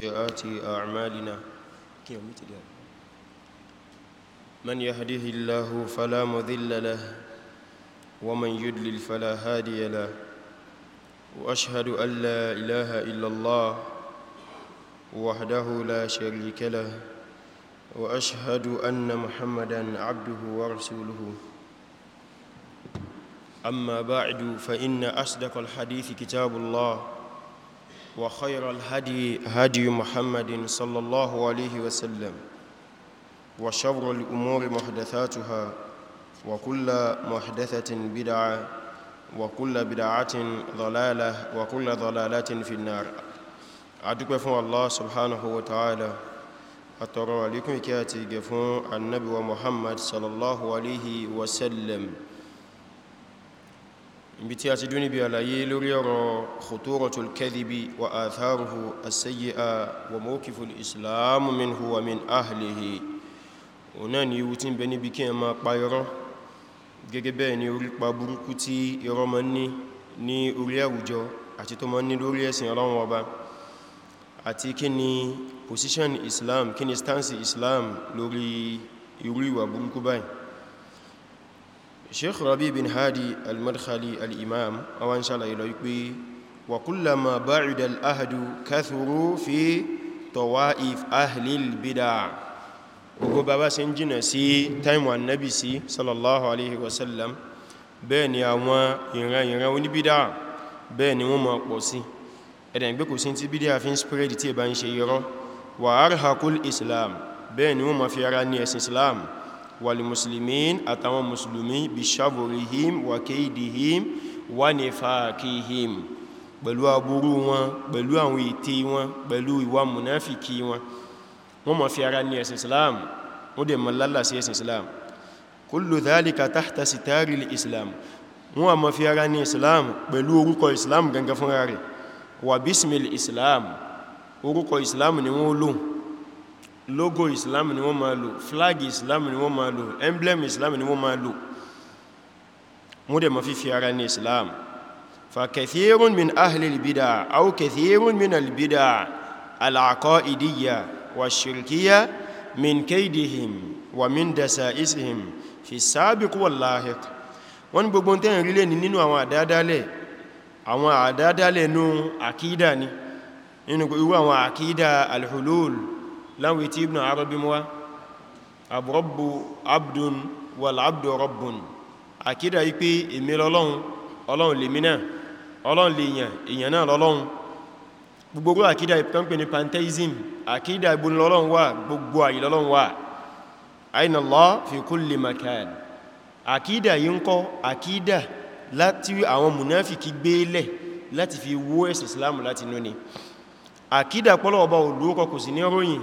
سيئات أعمالنا من يهده الله فلا مذل له ومن يدلل فلا هادي له وأشهد أن لا إله إلا الله وحده لا شريك له وأشهد أن محمدًا عبده ورسوله أما بعد فإن أصدق الحديث كتاب الله وخير الهدي هدي محمد صلى الله عليه وسلم وشر الأمور محدثاتها وكل محدثة بدعة وكل بدعة ضلالة وكل ضلالة في النار أدوك فو الله سبحانه وتعالى أترى لكم كاتي فون النبي ومحمد صلى الله عليه وسلم ibi tí a ti dúnibí àlàyé lórí ọ̀rọ̀ khuturatul kadhibi wa atharuhu as-sayyi'a wa mawqiful islamu minhu wa min ahlihi ọ̀nà ni ewu tí ń bẹ níbi kí ẹ máa pa irọ́ gẹ́gẹ́ bẹ́ẹ̀ ni orípa burúkú tí irọ́ ma ní ní orí àwùjọ àti tó ma ní lórí ẹ̀sìn Ọlọ́run ọba àti kí ni position Islam kí ni stance Islam lórí irú ìwà burúkú báyìí sheikh rabi bin hadi al-madkhali al-imam àwọn ṣàlàyé lọ wípé wa kullama ba'ida al-ahdu kathuru fi tawa'if ahli al-bid'ah ogo baba ṣe ń jìnà sí time wa nabi sí sallallahu alaihi wasallam bẹ́ẹ̀ ni àwọn ìran ìran oníbídà bẹ́ẹ̀ ni wọ́n máa pọ̀ sí ẹ̀dẹ̀ ìgbé kò sí tí bídà fi ń spread tí ẹ bá ń ṣe irọ́ wa arhaqul islam bẹ́ẹ̀ ni wọ́n máa fi ara ní ẹ̀sìn islam والمسلمين أتوا مسلمين بشبرهم وكيدهم ونفاقهم pẹ̀lú aburú wọn pẹ̀lú àwọn ète wọn pẹ̀lú ìwà munafiki wọn wọ́n mọ̀ fi ara ní ẹ̀sìn islam wọ́n dẹ̀ mọ̀ lálà sí ẹ̀sìn islam kullu dhalika tahta sitari islam wọ́n mọ̀ fi ara ní islam pẹ̀lú orúkọ islam gangan fúnra rẹ̀ wà bísmìl islam orúkọ islam ni wọ́n lóhun logo islam ni wọ́n máa lò flag islam ni wọ́n máa lò emblem islam ni wọ́n máa lò wọ́n dẹ̀ ma fi fi ara ní islam fa kathirun min ahli albida aw kathirun min albida alaqaidiyya wa shirkiyya min kaydihim wa min dasaisihim fi sabiq wal lahiq wọ́n gbogbo tẹ́ rí lé nínú àwọn àdádálẹ̀ àwọn àdádálẹ̀ nú àkídà ni nínú irú àwọn àkídà alhulul láwọn tí Ibn Arabi mú wá àbúrọ́bù abdùn wàl'abdù rabbun àkídà yí pé èmi lọ́lọ́run ọlọ́run lè mínà ọlọ́run lè yàn èyàn náà lọ́lọ́run gbogbo àkídà ìpínpín ní pantheism àkídà ìbùn lọ́lọ́run wà gbogbo àyí lọ́lọ́run wà aina Allah fi kulli àkídà yí ọba òlúkọ kò sí ní ròyìn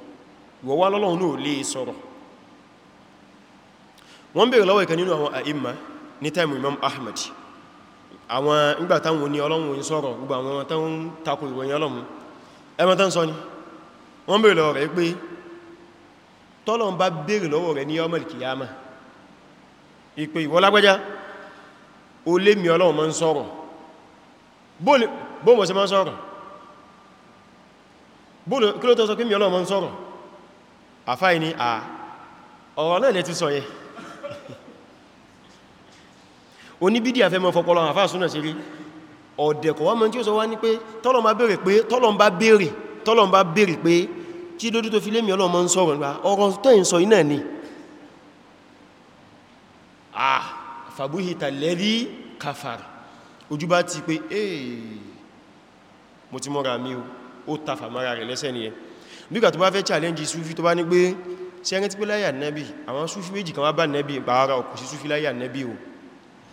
ìwọ wá lọ́lọ́run náà lè sọ̀rọ̀ wọ́n bèèrè lọ́wọ́ ìkan nínú àwọn àìmà ní taimu Imam Ahmad àwọn ìgbàtàwọn ní ọlọ́run ń sọ̀rọ̀ gbogbo àwọn tán takò ìròyìn ọlọ́run ẹmọ tán sọ ni wọ́n bèèrè lọ́wọ́ kí ló tọ́ pé mi ọlọ́run máa ń sọ̀rọ̀ àfáì ní à ọ̀rọ̀ náà lẹ́tí sọ yẹ oníbídí àfẹ́ mọ́ fọpọlọ àfáà súnà sí rí ọ̀dẹ̀kọ̀ wọ́n mọ́ tí ó sọ wá ní pé tọ́lọ̀n bá béèrè pé tọ́lọ̀n bá béèrè tọ́lọ̀n bá béèrè pé kí lójú tó fi lémi ọlọ́mọ ah fàbúhìtà lẹ́rí kàfàrà ojú bá ti pé ee mo mi o ó ta bígbà tó bá fẹ́ challenge sufi tó bá ní pé ṣe ẹni tí pé láyà nẹ́bí àwọn sufi méjì kan wá bá nẹ́bí bàára ọkù sí sufi láyà nẹ́bí o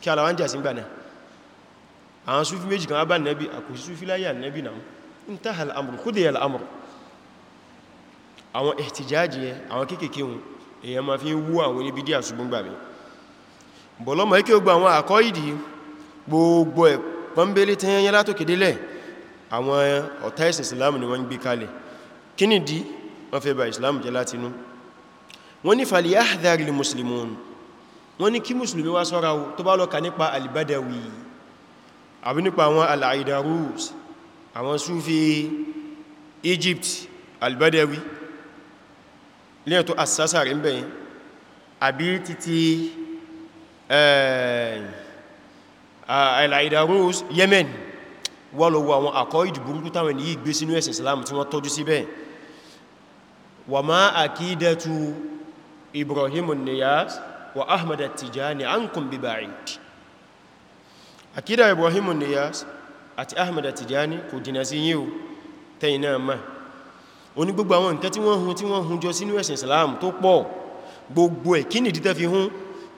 kí ara wá ń jà sí ń gbà náà àwọn sufi méjì kan wá bá nẹ́bí àkù sí sufi láyà nẹ́bí náà intaha al-amru khudiya al-amru àwọn ihtijaji yẹn àwọn kéèkéé wọn èèyàn ma fi ń wú àwọn oníbi díà ṣùgbọ́n gbà mí bọ̀lọ́mọ̀ ikẹ́ ogbà àwọn àkọ́ ìdí gbogbo ẹ̀ pọ́nbélé tẹ́yẹn látòkèdélẹ̀ àwọn ọ̀tá ìsìn Islam ni wọ́n gbé kalẹ̀ kíni dí wọ́n fẹ́ bà islam jẹ́ látinú wọ́n ní falyahdhar al-muslimun wọ́n ní kí musulmi wá sọ́ra tó bá lọ́ka nípa al-Badawi àbí nípa àwọn al-Aidarus àwọn Sufi Egypt al-Badawi lẹ́yìn tó asásà rí bẹ̀yìn àbí títí eh, al Yemen wọ́n lọ wọ àwọn àkọ́ ìdìbúrúkú táwọn ènìyàn gbé sínú ẹ̀sìn Islam tí wọ́n tọ́jú síbẹ̀ wa ma akidatu ibrahim niyas wa ahmad at-tijani ankum biba'id akida ibrahim niyas àti ahmad at-tijani kò jìnà sí yín o tẹ́yìnà ma oní gbogbo àwọn nǹkan tí wọ́n hun tí wọ́n hun jọ sínú ẹ̀sìn islam tó pọ̀ gbogbo ẹ̀ kí nìdí tẹ́ fi hun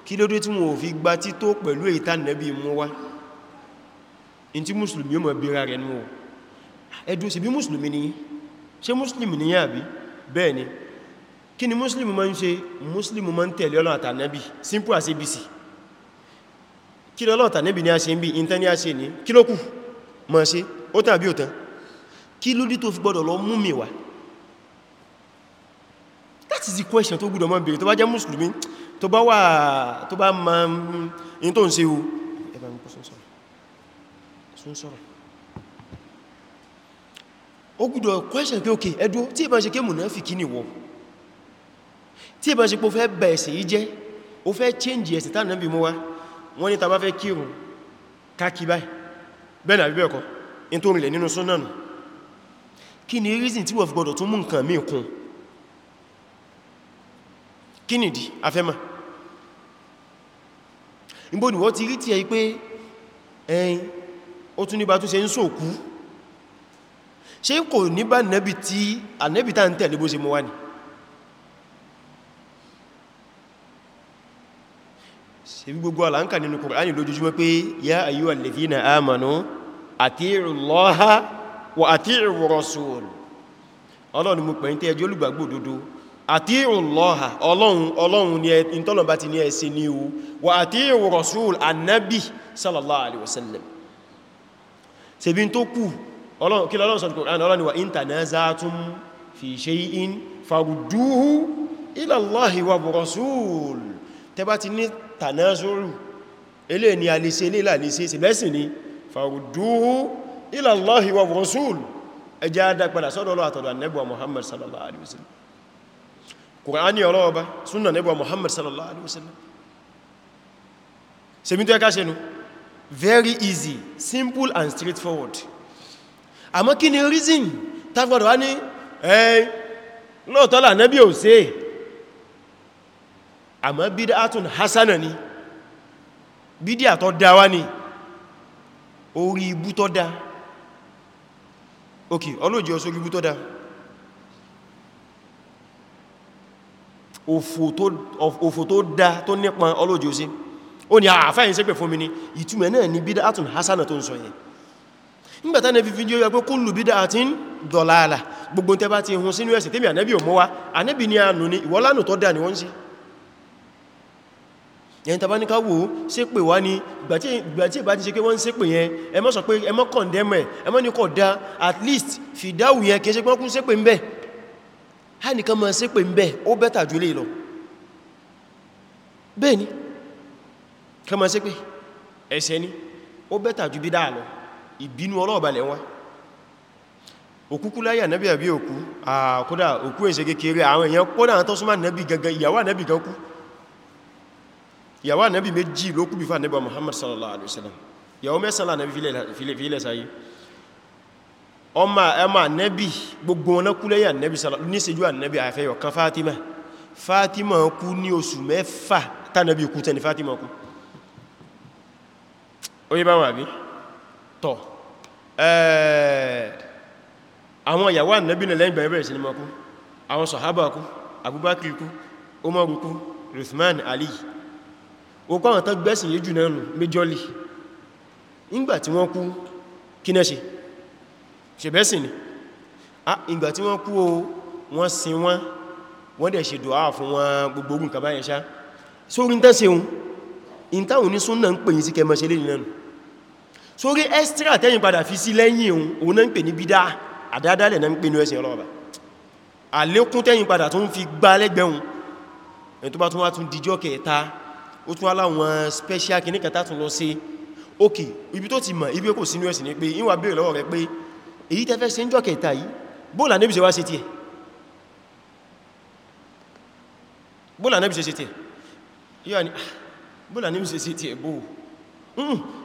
kí lódé tí wọ́n fi gba tító pẹ̀lú ìta nẹ́bí mú wá in tí musulmi mọ̀ bí ra rẹ̀ nù ẹ̀dùn sí bí musulmi ni ṣe musulmi ni yà bí bẹ́ẹ̀ ni kí ni muslim ma ń ṣe muslim ma ń tẹ̀lé Ọlọ́run àtànẹ́bì simple as abc kí lọ́lọ́ àtànẹ́bì ni a ṣe ń bí ìntẹ́ ni a ṣe ní kí ló kù ma ṣe ó tàn àbí ò tán kí ló dí tó fi gbọ́dọ̀ lọ mú mi wá that is the question tó gbọ́dọ̀ mọ́ bèèrè tó bá jẹ́ musulmi tó bá wà tó bá ma ń tó ń ṣe o ẹ̀bà ń sún sọ̀rọ̀ ó gbọ́dọ̀ question pé okay ẹdú tí ìbá ṣe ké mùnáfìkí ni wọ tí ìbá ṣe pé ó fẹ́ bá ẹ̀sìn yìí ó fẹ́ change ẹ̀sìn tánà bí mú wá wọ́n ní tàbá fẹ́ kírun káàkì báyìí bẹ́ẹ̀ reason of ìbò ni wọ́n ti rí tí ṣe kò ní bá nẹ́bì tí ànẹ́bì tá ń tẹ̀lé bó ṣe mọ́ wá ní ṣe bí gbogbo àlàǹkà nínú Kùránì lójoojúmọ́ pé yá ayyuhal ladhina amanu ati'u Allaha wa ati'u rasul ọlọ́run mú pẹ̀yìn tẹ́ ẹjọ́ olùgbàgbò òdodo ati'u Allaha ọlọ́run ọlọ́run ni ìtọ́lọ̀ bá ti ní kí lọ́lọ́run sọ̀tọ̀ Kùránì ọlọ́ni wa in tanaza'tum fi shay'in farudduhu ila Allahi wa rasul tẹba ti ní tanazuru ilé ni a lè ṣe ilé ìlà lè ṣe ìsìnlẹ́sìn ni farudduhu ila Allahi wa rasul ẹjá dápadà sọ́dọ̀ Ọlọ́run àtọ̀dọ̀ annabuwa Muhammad sallallahu alaihi wasallam Kùránì ọlọ́wọ́ bá súnà annabuwa Muhammad sallallahu alaihi wasallam ṣe mi tó ẹka ṣe nu very easy simple and straightforward àmọ́ kí ni reason tagbọ́dọ̀ wá ní ẹ̀yìn lóòtọ́ là nábì ò ṣe àmọ́ bídátùn hasana ni bídíà tó dá wá ní orí ibú tó dá ok ọlọ́jẹ́ ọsọ orí ibú tó dá òfò tó dá tó nípa ọlọ́jẹ́ ó sí ó ní àfáyín ṣépè fún mi ní ìtumẹ̀ náà ni bídátùn hasana tó ń sọ yẹn nígbàtá nẹ́bí fídíò yẹ pé kullu bid'atin dalala gbogbo tẹ́ bá ti hun sínú ẹ̀sìn tẹ́mì ànẹ́bí ò mọ́ wá ànẹ́bí ni ànù ni ìwọ́lánù tó dà ní wọ́n sí ẹ̀yìn tàbá ní ká wò ó ṣe pè wá ní ìgbàtí ìbá ti ṣe pé wọ́n ń ṣe pè yẹn ẹ má sọ pé ẹ má condemn ẹ ẹ má ní kọ̀ dá at least fìdáwù yẹn kìí ṣe pé wọ́n ṣe pè ń bẹ̀ ha nìkan mọ́ ṣe pè ń bẹ̀ ó bẹ́tà jù lè lọ bẹ́ẹ̀ ni kọ́ mọ́ ṣe pè ẹ̀ṣẹ̀ ni ó bẹ́tà jù bídà lọ ìbínú ọlọ́ọ̀balẹ̀ wọn òkúkú láyà nẹ́bí àbí òkú àkódà òkú èsẹ kékeré àwọn èèyàn pọ́nà tó súnmọ́ nẹ́bí gangan ìyàwó nẹ́bí kan kú ìyàwó nẹ́bí méjì ló kú bífà nẹ́bí Muhammad sallallahu alaihi wasallam ìyàwó mẹ́sànlá nẹ́bí fílẹ̀ sáyé ọmọ ẹmà nẹ́bí gbogbo wọn kú lẹ́yà nẹ́bí níṣẹ́jú ànẹ́bí àfẹ́yọ̀ kan Fatima Fatima kú ní oṣù mẹ́fà tánẹ́bí kú tẹ́ni Fatima kú ó yẹ báwọn àbí tọ́ àwọn ìyàwó ànábì náà lẹ́yìn bẹ̀rẹ̀ sí ni mọ́kú àwọn sọ̀hábà kú abubakir kú umaru kú ruthman ali okú àwọn tán gbẹ́sìn yíjù náà nù méjọ́lì ìgbà tí wọ́n kú kí náà ṣe ṣẹ̀bẹ́sìn ni ah, ìgbà tí wọ́n kú o wọ́n sin wọ́n wọ́n dẹ̀ ṣe dùá fún wọn gbogbo ogun kàbáyẹ̀ṣá sórí ń tẹ́sẹ̀ ohun ìntàwọn onísúnnà ń pè yí sí kẹmọ́ ṣe sórí extra tẹ́yìn padà fi sí lẹ́yìn òun náà ń pè ní bídá àdádálẹ̀ náà ń pè ní ẹ̀sìn ọlọ́ọ̀bà àlékún tẹ́yìn padà tó ń fi gbá lẹ́gbẹ̀un ẹni tó bá tún special kìíní kẹta tún ok ibi tó ti mọ̀ ibi kò sínú ẹ̀sìn ni pé ìwà béèrè lọ́wọ́ rẹ pé èyí tẹ́fẹ́ sí ń jọ kẹta yìí bóòlà níbi ṣe wá sí tiẹ̀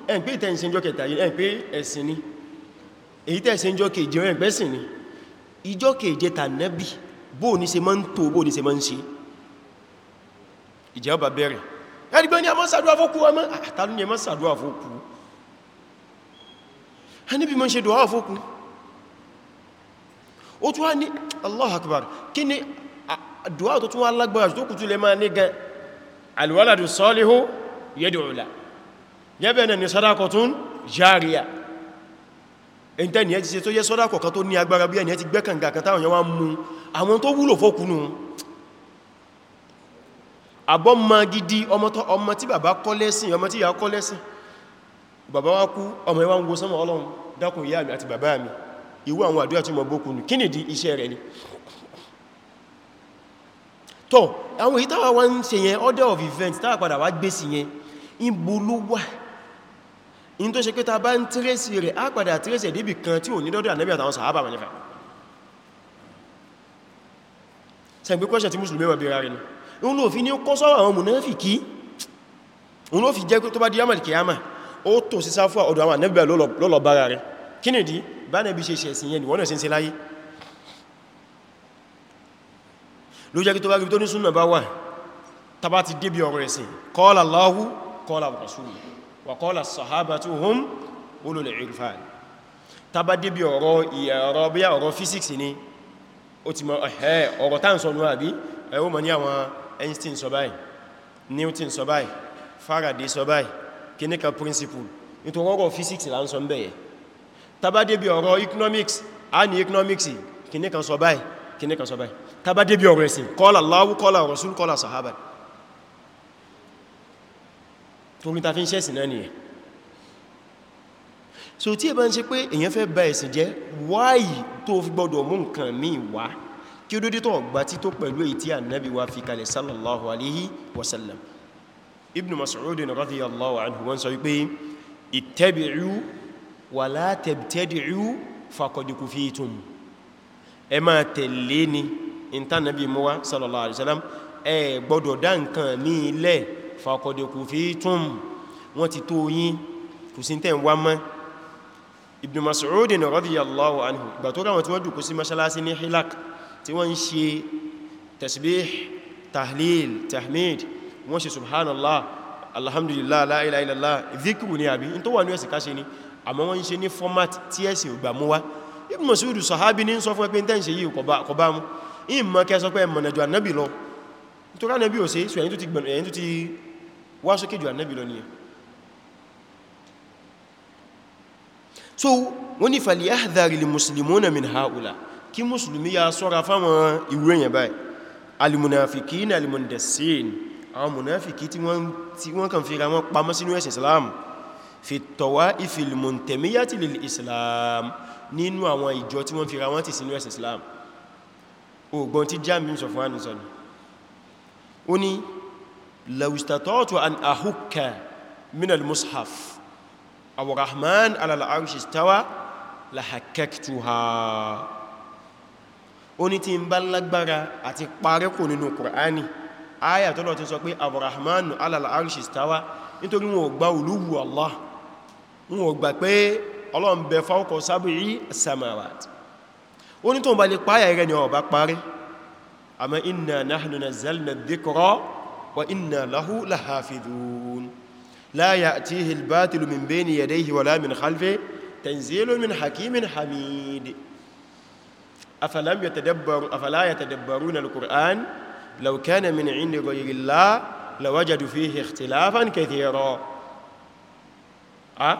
ẹn pé ìtẹ́sìn jọ kẹta yìí ẹn pé ẹ̀sìn ni èyí tẹ́sìn jọ kèje ẹn pé ẹ̀sìn ni ìjọ kèje tànẹ́bì bó ní ṣe máa ń tó bó ní ṣe máa ń ṣe ìjẹ́ ọba bẹ̀rẹ̀ ẹnigbẹ́ ni a máa sàdúwà fókú ọmọ àtàlú ni a máa sàdúwà fókú ẹnibí máa ń ṣe dùwà fókú ó tún wá ní Allahu Akbar kí ni ah, dùwà tó tún wá lágbára tó kùtù lè máa ní gan alwaladu salihu yad'u la gẹ́bẹ̀ náà ni sọ́dákọ̀ tún jàríà èyí tẹ́ ni ẹ ti ṣe tó yẹ sọ́dákọ̀ kan tó ní agbára bí ẹni ẹ ti gbẹ́ kan táwọn yẹwa mú àwọn tó wúlò fókúnù àbọ́mọ gidi ọmọ tí bàbá kọ́ lẹ́sìn ọmọ tí ìyá kọ́ lẹ́sìn bàbá wá kú ọmọ ẹwà ń go sọ́mọ ọlọ́run dákun ìyá mi àti bàbá mi ìwú àwọn àdúrà tí mo order of events táwà padà wá gbé sí yẹn ìbò in tó ṣe pé ta bá ń tírèsì rẹ̀ á padà tírèsì ẹ̀débì kan tí ò ní dọ́dọ̀ ànábì àtàwọn sàhábà wọn nífà sẹ́gbé kọ́ṣẹ̀ tí mùsùlùmí wà bí ra rẹ̀ ní òun ló fi ní kọ́ sọ́wọ́ àwọn mùnáfìkí òun ló fi jẹ́ tó bá di yamal kiyama ó tò sí sáfà ọ̀dọ̀ àwọn ànábì lọ́lọ́ bára rẹ̀ kí ni dí bá nẹ́bí ṣe ṣe ẹ̀sìn yẹn ni wọ́n náà ṣe ń ṣe láyé ló jẹ́ kí tó bá rí tó ní súnà bá wà tàbá ti débi ọ̀rọ̀ ẹ̀sìn qala Allahu qala rasuluhu wàkọ́lá sọ̀hábà tó hún olùlẹ̀ irfan tàbá débi ọ̀rọ̀ ìyàrọ̀ bí i ọ̀rọ̀ physics ni ó ti mọ̀ ẹ̀hẹ́ ọ̀rọ̀ tán sọ níwà bí ẹwọ́ mọ̀ ní àwọn Einstein sọ báyìí Newton sọ báyìí Faraday sọ báyìí clinical principle nítorí ọ̀rọ̀ physics là ń sọ bẹ̀yẹ torí ta fi ń ṣẹ̀sìn náà nìyẹn so tí ẹ̀bá ń ṣe pé èyàn fẹ́ bà ẹ̀sìn jẹ́ wáyìí tó fi gbọ́dọ̀ mú nǹkan míì wá kí ó dédé tó ọgbà tí tó pẹ̀lú èyí tí ànábì wá fi kalẹ̀ sallallahu alaihi wasallam ibn Mas'ud radiyallahu anhu wọ́n sọ wípé ittabi'u wa la tabtadi'u fàkọ̀dẹ̀kù fi tún wọ́n ti tó yín kò sí tẹ́ wá mọ́ ibn mas'udin radiyallahu anhu gbà tó ráwọn tí wọ́n dùkú sí mọ́ṣálásí ní hilak tí wọ́n ń ṣe tasbih tahlil tahmid wọ́n ṣe subhanallah alhamdulillah la ilaha illallah dhikru ni àbí in tó wà ní ẹ̀sìn káṣe ni àmọ́ wọ́n ṣe ní format tí ẹ̀sìn ò gbà mú wá ibn mas'ud sahabi ìmọ̀ kẹ́ sọ annabi lọ nítorí annabi ò sí so ẹ̀yìn tó ti wá sókè jù ànábì lọ ní ẹ̀ so wọ́n ní falyahdhari al-muslimuna min haula kí mùsùlùmí ya sọ́ra fáwọn ìwé èèyàn báyìí al-munafiqina al-mundassin àwọn munafiki tí wọ́n kàn fira wọn pamọ́ sínú ẹ̀sìn islam fi tawaif al-muntamiyati lil islam nínú àwọn ìjọ tí wọ́n fira wọn ti sínú ẹ̀sìn islam ògbọ́n tí jamiu sọ fún ànìsọ́nù لو استطعت أن أهك من المصحف أو الرحمن على العرش استوى لحككتها oni tí ń bá lágbára àti parẹ́ kò nínú Kùránì ayà tọ́lọ̀ tí sọ pé aburahmanu alal'arshi stawa nítorí wọn ò gba olúwù Allah wọn ò gbà pé Ọlọ́run bẹ fawqa sab'i samawat oní tó ń bá lè páyà rẹ̀ ni ó bá وإنا له لحافظون لا يأتيه الباطل من بين يديه ولا من خلفه تنزيل من حكيم حميد أفلم يتدبر أفلا يتدبرون القرآن لو كان من عند غير الله لوجدوا فيه اختلافا كثيرا أه؟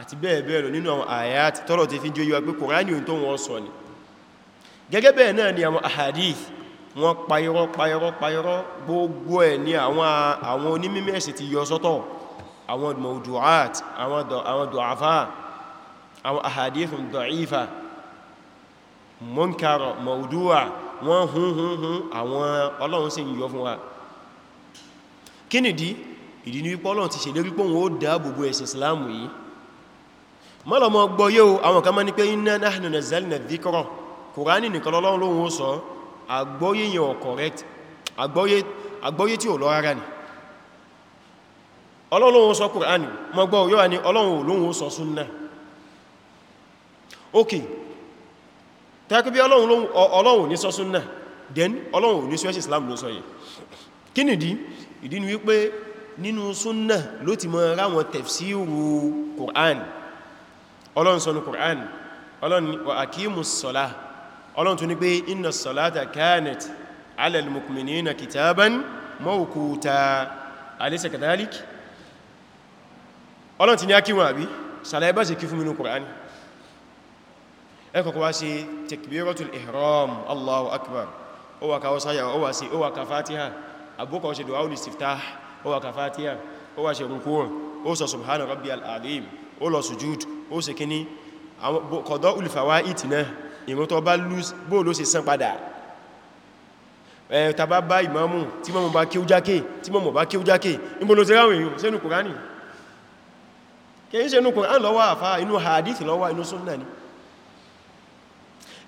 àti bẹ́ẹ̀ bẹ́ẹ̀ lọ nínú àwọn àyàtì tọ́lọ̀ ti fi jẹ́ yíwa pé kòránì ohun tó wọ́n sọ ni gẹ́gẹ́ ni àwọn ahadith wọ́n payọ́rọ́ payọ́rọ́ payọ́rọ́ gbogbo ẹ̀ ní àwọn onímímẹ̀ẹ̀sì ti yọ sọ́tọ̀ àwọn mawdu'at àwọn du'afa àwọn ahadithun da'ifa munkara mawdu'a wọ́n hun hun hun àwọn ọlọ́run sì yọ fún wa kí nìdí ìdí ní wípé ọlọ́run ti ṣèlérí pé òun ó dáàbòbò ẹ̀sìn islamu yìí mọ́lọ̀mọ́ gbọ́ yóò àwọn kan mọ́ ní pé inna nahnu nazzalna dhikra kùránì nìkan lọ́lọ́run lóhun ó sọ àgbọ́yé yẹn o correct àgbọ́yé tí o lọ rárá ni ọlọ́run sọ Kùránì mọ́ gbọ́ yóò wà ní ọlọ́run olóhun sọ súnnà ok tẹ́kùbí ọlọ́run ní sọ súnnà then ọlọ́run ní sọ́ẹ́sì Islam ló sọ yìí kí nìdí ìdí ni wípé nínú súnnà ló ti mọ́ ráwọn tafsiru Kùránì ọlọ́run sọ ní Kùránì ọlọ́run wa aqimus salah ọlọ́run tó ní pé inna salata kanat ala al-mu'minina kitaban mawquta alaysa kadhalik ọlọ́run ti ní akíwọn àbí sàlàyé bá sì kí fún minú kùránì ẹkọ̀kọ́ wá sí takbiratul ihram allahu akbar ó wà káwọ́ sáyà ó wà sí ó wà ká fatiha àbúkọ̀ ṣe du'a ul-istiftah ó wà fatiha ó wà rukun ó sọ subhana rabbiyal azim ó lọ sujud ó ulfawa ìtì ìrun tó bá lose bó ló ṣe san padà ẹ̀ tàbá bá ìmámù tí mọ́mù bá kí ó jákè tí mọ́mù bá kí ó jákè níbo ló ti ráwìn yìí sínú kòránì kìí ṣe inú kòránì ló wà àfá inú ni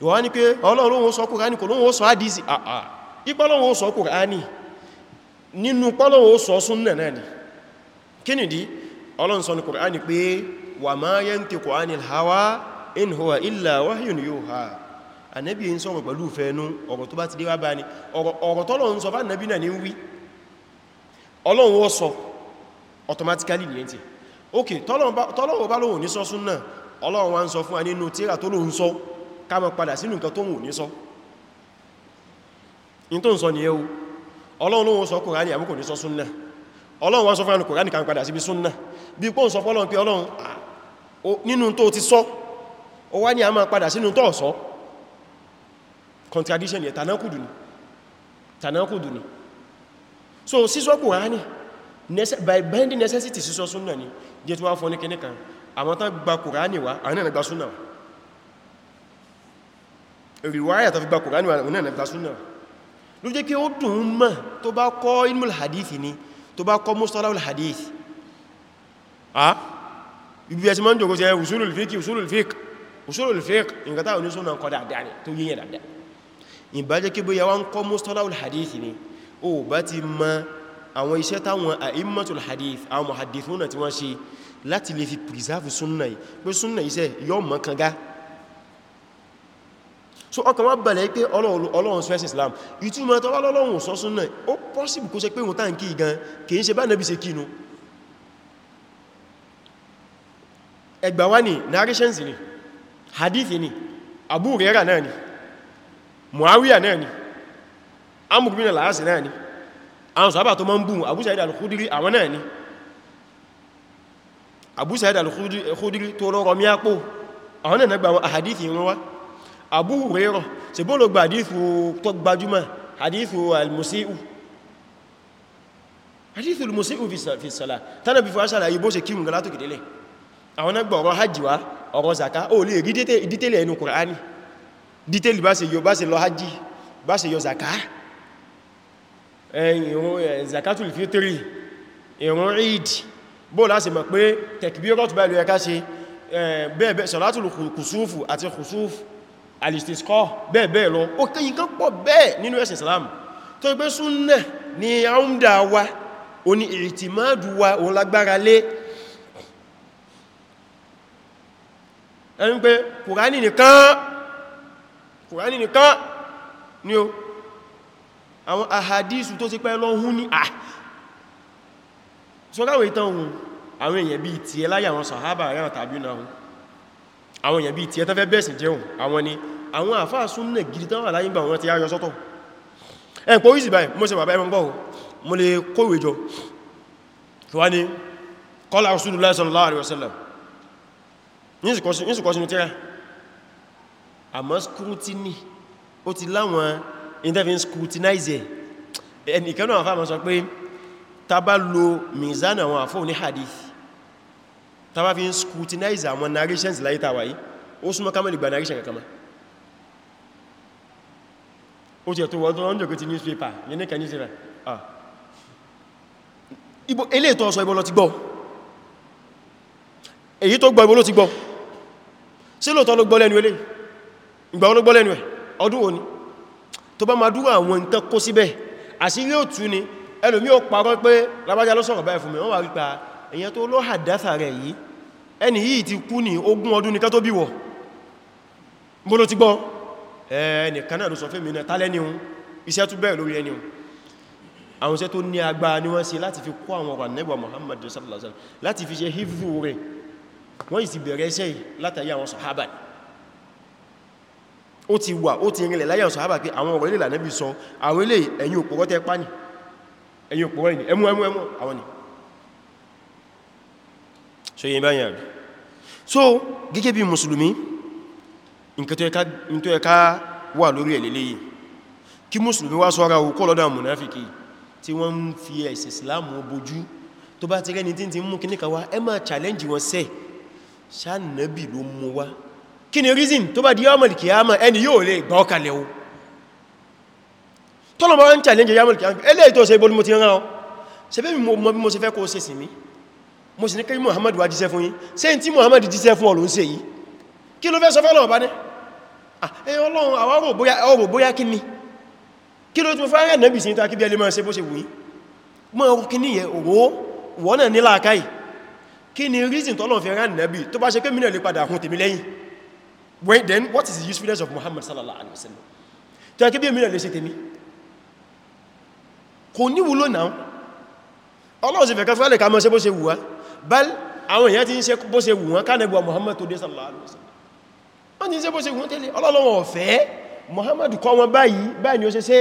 ìwọ̀n ni pé Ọlọ́run ó sọ kòránì kò lóhun ó sọ hadith àà in huwa illa wahyun yuha ànábì ń sọ̀rọ̀ pẹ̀lú fẹ́nu ọ̀rọ̀ tó bá ti dé wá bá ní ọ̀rọ̀ tọ́lọ̀ ń sọ fá ànábì náà ní wí ọlọ́run ó sọ automatically ní ẹ̀ntì ok tọ́lọ̀wọ̀ bá lóhùn ní sọ súnnà ọlọ́run wá ń sọ fún wa nínú tíra tó lóhùn sọ ká má padà sínú nǹkan tó hùn ní sọ in tó ń sọ nìyẹn o ọlọ́run lóhùn sọ kùránì àmúkò ní sọ súnnà ọlọ́run wá sọ fún wa nínú kùránì ká padà síbi súnnà bí pọ́n sọ fọ́lọ́run pé ọlọ́run nínú tó ti sọ ó wá ní a máa padà sínú tọ́ọ̀sọ́ contradiction yẹ tanakudu ni so ni so sísọ́ Kùránì by bending necessity sísọ́ súnnà ni jẹ́ tó wá fọ́ ní kìníkan àwọn tán gba Kùránì wá àwọn náà gba súnnà riwaya tó fi gba Kùránì wá àwọn náà gba súnnà ló jẹ́ ni tó bá kọ́ mustalahul hadith ah ibi ẹ̀sìn mọ́ ń jòkó sí ẹ̀ eh, usulul fiqh òṣòro lè fẹ́ nǹkan táwọn oníṣò náà kọ́ dáadáa ni tó yíyàn dáadáa ìbájẹ́ kí bóyá wọ́n kọ́ mustalahul hadith ni ó bá ti mọ àwọn iṣẹ́ táwọn a'immatul hadith àwọn muhaddithun náà tí wọ́n ṣe láti lè fi preserve súnnà yìí pé súnnà iṣẹ́ yọ mọ́ kanga so ọkàn wá balẹ̀ pé ọlọ́run sọ ẹ̀sìn Islam ìtumọ̀ tó wá lọ́lọ́run sọ súnnà ó possible ni hadithi ni abu rera náà ni muawiya náà ni amurubin al'asi náà ni àwọn sọ́bà tó máa ń bùn abu sa'id al-khudiri àwọn náà ni abu sa'id al-khudiri tó lọ́rọ̀ miyapo àwọn náà gba àwọn hadithi wọn wá abu rera ṣe bó lọ gba hadithu tó gbajúmọ̀ hadithu al-musi'u hadithu al-musi'u fi ọ̀rọ̀ zaka ó lè rí dítẹ́lẹ̀ ẹnu kùránì dítẹ́lì bá ṣe yọ bá ṣe lọ hajji bá ṣe yọ zaka ẹ̀yìn zakatul fitri ìrun eid bó láti mọ̀ pé tẹ̀kìbírọ̀tù bá ìlú ẹka ṣe bẹ́ẹ̀bẹ́ sọ̀látùl kùsúfù àti kùsúfù alistiskọ́ bẹ́ẹ̀bẹ́ẹ̀ lọ ó ni àúndà wa oní ìrìtìmáàdù ẹni pé kùránì nìkan kùránì nìkan ni o àwọn ahadisu tó ti pẹ́ lọ́hún ní à ah! sọ́gáwẹ̀ ìtàn ohun àwọn èèyàn bí tí ẹ láyé àwọn sàhábà àyàn tàbí náà hun àwọn èèyàn bí tí ẹ tán fẹ́ bẹ̀ẹ̀sì jẹun àwọn ni àwọn àfáàsún gidi tán wà láyé gbà wọn ti yáyọ sọ́tọ̀ ẹ pọ̀ ìsì báyìí mo ṣe bàbá ẹmọ bọ́ sallallahu alaihi wasallam nísìkọ́sínú tíra àmọ́ scrutiny ó ti láwọn intervene scrutinize ẹnìkanú àwọn afẹ́ sọ pé tàbá lo mizan àwọn àfọ́ ní hadith tàbá fi ń scrutinize àwọn narrations láyé tàwà yìí ó súnmọ́ ká mẹ́lì gba narration kankan ó jẹ́ tó wọ́n tó ń jẹ́ newspaper yẹn ní kan newspaper ah ilé ìtọ́ ọ̀sọ̀ ibọ́ lọ ti gbọ́ èyí tó gbọ́ ibọ́ ló ti gbọ́ sí lóòtọ́ ló gbọ́ lẹ́nu eléyìí ìgbà ló gbọ́ lẹ́nu ẹ̀ ọdún òní tó bá ma dúró àwọn nǹkan kó síbẹ̀ àṣírí òtú ni ẹlòmí ò parọ́ pé lábájá ló sọ̀rọ̀ báyìí fún mi wọ́n wà wípa èyàn tó ló hàdásà rẹ̀ yìí ẹni yìí ti kú ní ogún ọdún ní ká tó bíwọ̀ bó ló ti gbọ́ ẹni kan náà ló sọ fẹ́mi náà tálẹ́ni hun iṣẹ́ tó bẹ̀rẹ̀ lórí ẹni hun àwọn iṣẹ́ tó ní agbára ni wọ́n ṣe láti fi kó àwọn ọ̀rọ̀ anẹ́gbà Muhammad sallallahu alaihi wasallam láti fi ṣe hifzu rẹ̀ wọ́n yìí sì bẹ̀rẹ̀ iṣẹ́ látàrí àwọn sọ̀hábà ó ti wà ó ti rinlẹ̀ láyé àwọn sọ̀hábà pé àwọn ọ̀rọ̀ ilé lànẹ́bì sọ àwọn ilé ẹ̀yìn òpòrọ́ tẹ́ pání ẹ̀yìn òpòrọ́ ìní ẹmú ẹmú ẹmú àwọn ni so yẹn báyìí àrí so gẹ́gẹ́ bí mùsùlùmí nǹkan tó wà lórí ẹ̀ lélẹ́yìí kí mùsùlùmí wá sọ́ra òkú lọ́dọ̀ àmùnáfìkì tí wọ́n ń fi ẹ̀sìn Islam bojú tó bá ti rẹ́ni tí ń mú kíníkà wá ẹ máa challenge wọn sẹ́ẹ̀ sánàbì ló mú wá kí ni reason tó bá di yamal kìyàmà ẹni yóò lè gbọ́ kalẹ̀ o tọ́nà bá ń challenge yamal kìyàmà ẹlẹ́ ìtọ́ ṣe ibọ́ ni mo ti rán ọ ṣe bẹ́ mọ́ bí mo ṣe fẹ́ kó ṣe sí mi mo sì ní kí Muhammad wá jíṣẹ́ fún yín ṣe tí Muhammad jíṣẹ́ fún ọ̀rọ̀ ń ṣe yìí kí ló fẹ́ sọ fẹ́lọ̀ ọ̀bá ní ẹ̀yìn Ọlọ́run àwárò bóyá kí ni kí ló tún fẹ́rẹ̀ nẹ́bì sí ní takí bí ẹlẹ́mọ̀ ṣe bó ṣe wù yí mọ́ ọkùn kí ní yẹ òwò wọ́n náà nílà káyìí kí ni reason tọ́lọ̀ fi rán nàbí tó bá ṣe pé mínà lè padà hun tèmi lẹ́yìn when then what is the usefulness of Muhammad sallallahu alaihi wasallam tó yẹ kí bí mínà lè ṣe tèmi kò ní wúlò náà ọlọ́run sì fẹ̀kẹ́ fẹ́ lè ká mọ́ ṣe bó ṣe wù wá bal àwọn èèyàn ti ń ṣe bó ṣe wù wọ́n ká nẹ́gbọ́ Muhammad tó dé sallallahu alaihi wasallam wọ́n ti ń ṣe bó ṣe wù wọ́n tẹ́lẹ̀ ọlọ́run ọ̀fẹ́ Muhammad kọ́ wọn báyìí báyìí ni ó ṣe ṣe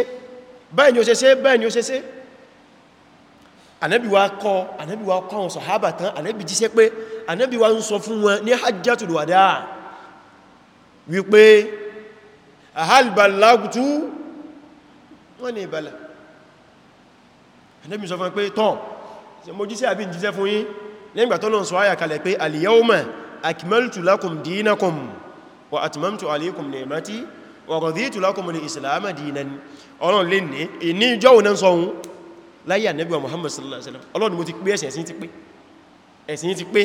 báyìí ni ó ṣe ṣe báyìí ni ó ànábì wa kọ́ ànábì wa kọ́ àwọn sàhábà tán ànábì jíṣẹ́ pé ànábì wa ń sọ fún wọn ní hajjatul wada wípé ahal balagtu wọ́n ní ìbàlá ànábì sọ fún pé tán mo jíṣẹ́ àbí jíṣẹ́ fún yín lẹ́gbà tọ́lọ̀ sọ ayà kalẹ̀ pé al-yawma akmaltu lakum dinakum wa atmamtu alaykum ni'mati wa raditu lakum al-islama dinan ọ̀rọ̀ lè ní ìní ìjọ́ òun náà sọ́hun láyé ànẹ́bíwà Muhammad sallallahu alaihi wasallam ọlọ́run mo ti pé ẹ̀sìn ti pé ẹ̀sìn ti pé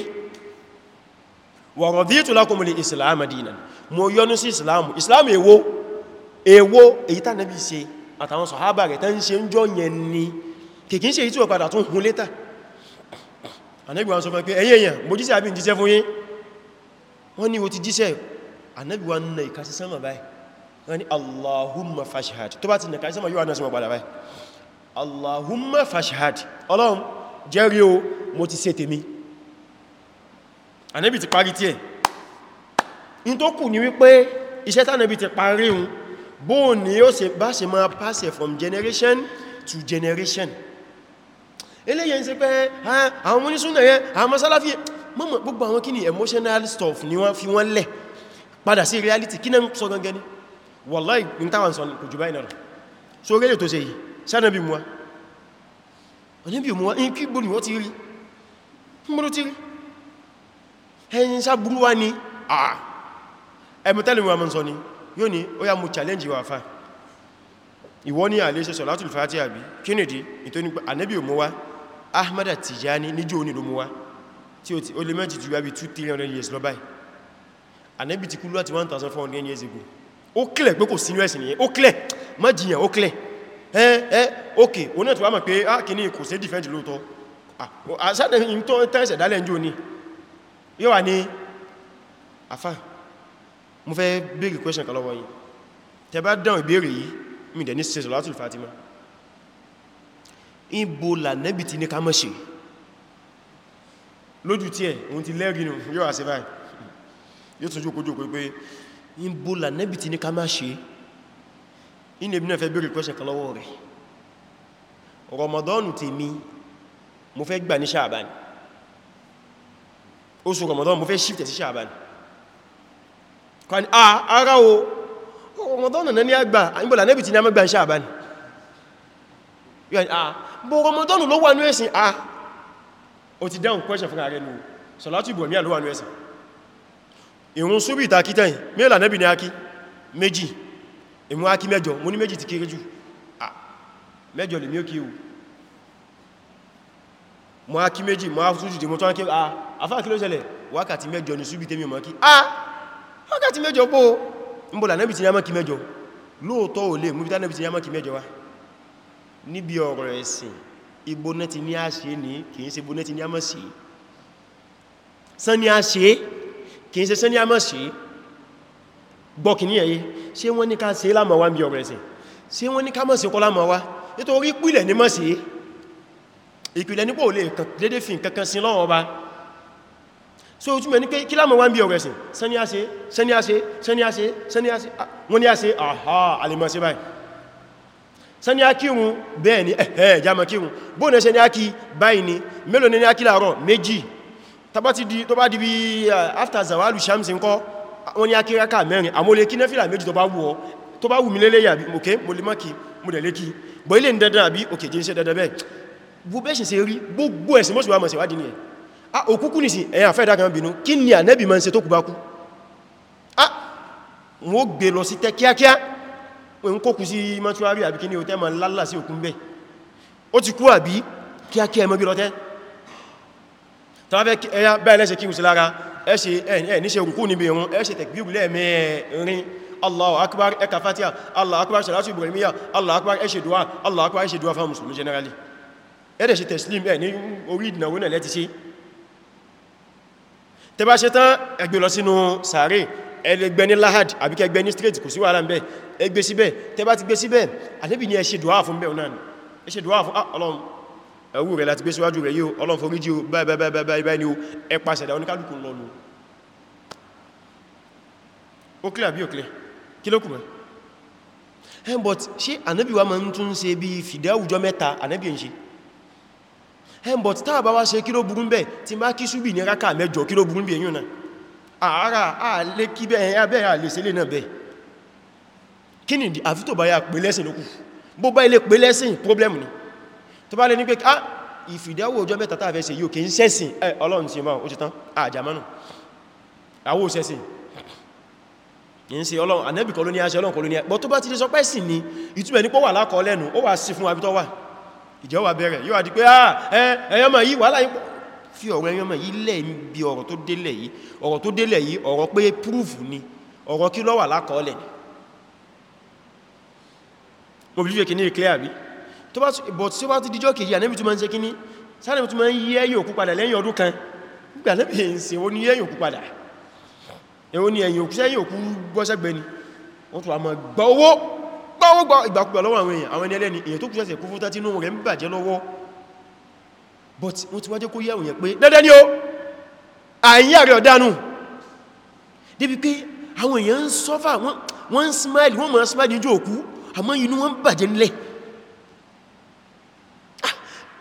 wa raditu lakum li islam dinan mo yọ́nú islam islam èwo èwo èyí tà nẹ́bí ṣe àtàwọn sọ̀hábà rẹ̀ tán ni kìkí ṣe èyí tí ó padà tún hun létà ànẹ́bíwà sọ fẹ́ pé ẹ̀yẹ́ èèyàn mo jíṣẹ́ àbí jíṣẹ́ fún yín wọ́n ní o ti jíṣẹ́ ànẹ́bíwà nà ìkásí sánmà báyìí wọ́n ní Allahumma fashhad tó bá ti nà ìkásí sánmà yóò wà náà sí wọ́n padà báyìí Allahumma fashhad ọlọ́run jẹ́rí o mo ti ṣe tèmi ànábì ti parí tí ẹ̀ in tó kù ní wípé iṣẹ́ tánàbì ti parí un bó ní ó ṣe bá ṣe máa pass from generation to generation eléyẹ ń ṣe pé àwọn onísúnnà yẹn àwọn sálàfí mọ́mọ̀ gbogbo àwọn kí ni emotional stuff ni wọ́n fi wọ́n lẹ̀ padà sí reality kí náà sọ gangan ni wallahi ní táwọn sọ kò jù báyìí náà so orílẹ̀ tó ṣe yìí sánàbí mú wa ọ̀nàbí mú wa in kí gbóni wọ́n ti rí gbóni ti rí ẹ̀yìn sáàbúrú wá ní àà ẹmọ̀tẹ́lẹ̀ wọn mọ́ ní yóò ní ó yá mú challenge wà fà ìwọ ní àlẹ́ṣẹ́ sọ̀látùl Fatiha bí kínìdí ìtóní ànábì ò mú wa Ahmad Tijani níjò òní ló mú wa tí ó lè méjì ti kú láti ó kílẹ̀ pé kò sínú ẹ̀sìn nìyẹn ó kílẹ̀ má jiyàn ó kílẹ̀ ẹ́ ẹ́ òkè o náà tí wá mọ̀ pé á kì ní kò sí defend lóòtọ́ àṣádẹ̀yìn ah, ah, tó tẹ́ẹ̀sẹ̀ dálẹ̀ jò ní yíò ní àfá mo fẹ́ béèrè question kan lọ́wọ́ yìí tẹ bá dáhùn ìbéèrè yìí mi dẹ̀ ní ṣe sọ̀látùl Fatima ibo lànẹ́bì ti ní ká mọ́ ṣe lójú tí ẹ̀ òun ti lẹ́rìí yóò àṣẹ báyìí yóò tún jókòó jókòó pé ibo lànẹ́bì ti ní ká mọ́ ṣe inú ebi náà fẹ́ bèèrè pẹ́ṣẹ̀ kan lọ́wọ́ rẹ̀ Ramadan tèmi mo fẹ́ gbà ní Sha'ban oṣù Ramadan mo fẹ́ shift sí Sha'ban kan a ah, ara o Ramadan náà ní àgbà àyíbọ̀lá nẹ́bì tí ní a mẹ́gbà ní Sha'ban ah, bọ̀ Ramadan ló wà ní ẹ̀sìn a ah, o ti dáhùn pẹ́ṣẹ̀ fún ààrẹ nù sọ̀látù ìbòmí ìmú ákí mẹ́jọ mú ní méjì ti kéré jù mẹ́jọ lè mí ó kí o mọ́ ákí méjì mọ́ áfúsù jùdí mọ́ tó wá kí a afá kí ló ṣẹlẹ̀ wákàtí mẹ́jọ ní súbí tẹ́mí mọ́ kí a wákàtí mẹ́jọ pó ń bọ̀lá nẹ́bì ti yámọ́ kí mẹ́jọ lóòótọ́ ò lè mú bí tánẹ́bì ẹ̀yẹ ṣé wọ́n ní ká ṣe lámọ̀ wá bí ọ̀rẹ̀ ẹ̀sìn ṣé wọ́n ní ká mọ̀ sí kọ́ lámọ̀ wá nítorí pìlẹ̀ ní mọ̀ sí ìpìlẹ̀ nípò lè dédé fi kankan sí lọ́wọ́ ọba so ojú mẹ́ ní pé kí lámọ̀ wá bí ọ̀rẹ̀ ẹ̀sìn sẹ́ni á ṣe sẹ́ni á ṣe sẹ́ni á ṣe sẹ́ni á ṣe ah, wọ́n ní á ṣe àhá àlèmọ̀ sí báyìí ni ẹ̀ẹ́ jámọ̀ kírun bóòdó sẹ́ni á di eh, after zawalu shamsi ńkọ́ wọ́n ní akíraka mẹ́rin àmọ́lé kí náfílà méjì tó bá wù ọ́ tó bá wù mí lélé yàbí òkè mo lè mọ́kí mo lè lékí bọ̀ ilé ní dandan àbí òkè jẹ́ iṣẹ́ dandan bẹ́ẹ̀ bú bẹ́ṣì sí rí gbogbo ẹ̀sìn mọ́sùlùmí àmọ̀ síwádìí ni a òkúkú nì sí ẹ̀yàn afẹ́ ìdákan bínú kí ni ànẹ́bì máa a wọ́n gbé lọ sí tẹ́ kíákíá wọ́n kó kú sí mọ́túwárì àbí kí ni òtẹ́ máa lálà sí òkú bẹ́ ó ti kú àbí kíákíá ẹmọ́ bí lọ tẹ́ tọ́wọ́ fẹ́ ẹ̀yà bẹ́ẹ̀ lẹ́sẹ̀ ẹ ṣe ẹ̀ níṣe rùkú níbi ìrun ẹ ṣe tẹ̀kbírù lẹ́ẹ̀mẹ́rin Allahu akbar ẹ ka Fatiha Allahu akbar salatu ibrahimiyya Allahu akbar ẹ ṣe dua Allahu akbar ẹ ṣe dua fáwọn musulmi generally ẹ dẹ̀ ṣe tẹ̀slim ẹ ní orí ìdìnàwó náà lẹ́ti sí tẹ bá ṣe tán ẹgbẹ́ lọ sínú sàárè ẹlẹgbẹ́ ní lahad àbíkẹ́ ẹgbẹ́ ní straight kò sí wàhálà ń ẹgbẹ́ síbẹ̀ tẹ bá ti gbé síbẹ̀ àníbì ni ẹ ṣe fún bẹ́ẹ̀ ah, ẹwú rẹ̀ láti gbé síwájú rẹ̀ yíò ọlọ́n forí jí o báibáibáibáibá ni o ẹpa ṣẹ̀dá oníkálùkù lọ́lù ó kílẹ̀ àbí òkílẹ̀ kí ló kù but ṣe ànábì wa ma ń tún ṣe bí fìdáwùjọ mẹ́ta but táà bá wá ṣe kí ló burú bẹ́ ti má kí súbì ní rákà mẹ́jọ kí ló burú bí èyàn náà àárá àlé kí bẹ́ẹ̀ abẹ́ àlè sílé náà bẹ́ẹ̀ kí ni problem ni tó bá lè ní pé ká ah, ìfìdáwò ọjọ́ mẹ́ta tàà fẹ́ ṣe yóò kí ń ṣẹ̀sìn ẹ eh, ọlọ́run ti máa ó ti tán àjàmánù àwọ́ ṣẹ̀sìn yìí ṣe ọlọ́run ànẹ́bì kọ́ ló ní aṣẹ ọlọ́run kọ́ ló ní ẹ bọ́ tó bá ti lè sọ pẹ́ sì ní ìtumẹ̀ nípò wà lákọọ́ lẹ́nu ó wà sí fún wa bí tó wà ìjẹ́ wà bẹ̀rẹ̀ yóò wà di pé ah, ẹyọmọ yìí wà láyé fi ọ̀rọ̀ ẹyọmọ yìí lẹ̀ bí ọ̀rọ̀ tó délẹ̀ yìí ọ̀rọ̀ tó délẹ̀ yìí ọ̀rọ̀ pé proof ni ọ̀rọ̀ kí ló wà lákọọ́ lẹ̀ ni mo bí fi kì ní clear bí tó bá but sí wá ti díjọ́ kejì ànẹ́bì tó máa ń ṣe kíní sáàrẹ̀ tó máa ń yí ẹ̀yìn òkú padà lẹ́yìn ọdún kan gbà lẹ́bì ń ṣe ó ní ẹ̀yìn òkú padà ẹ̀wọ́ ni ẹ̀yìn òkú sẹ́yìn òkú bọ́sẹ̀gbẹ́ ni wọ́n tó wà máa gba owó gbọ́wọ́ gba ìgbàkúgbà lọ́wọ́ àwọn èèyàn àwọn ẹni ẹlẹ́ni èèyàn tó kù sẹ́sẹ̀ kú fún tátí inú rẹ̀ ń bàjẹ́ lọ́wọ́ but wọ́n ti wá jẹ́ kó yẹ̀wò yẹn pé dandan ni ó àyín àrẹ ọ̀dánù débi pé àwọn èèyàn ń sọ́fà wọ́n ń smile wọ́n máa smile níjọ́ òkú àmọ́ inú wọn bàjẹ́ nílẹ̀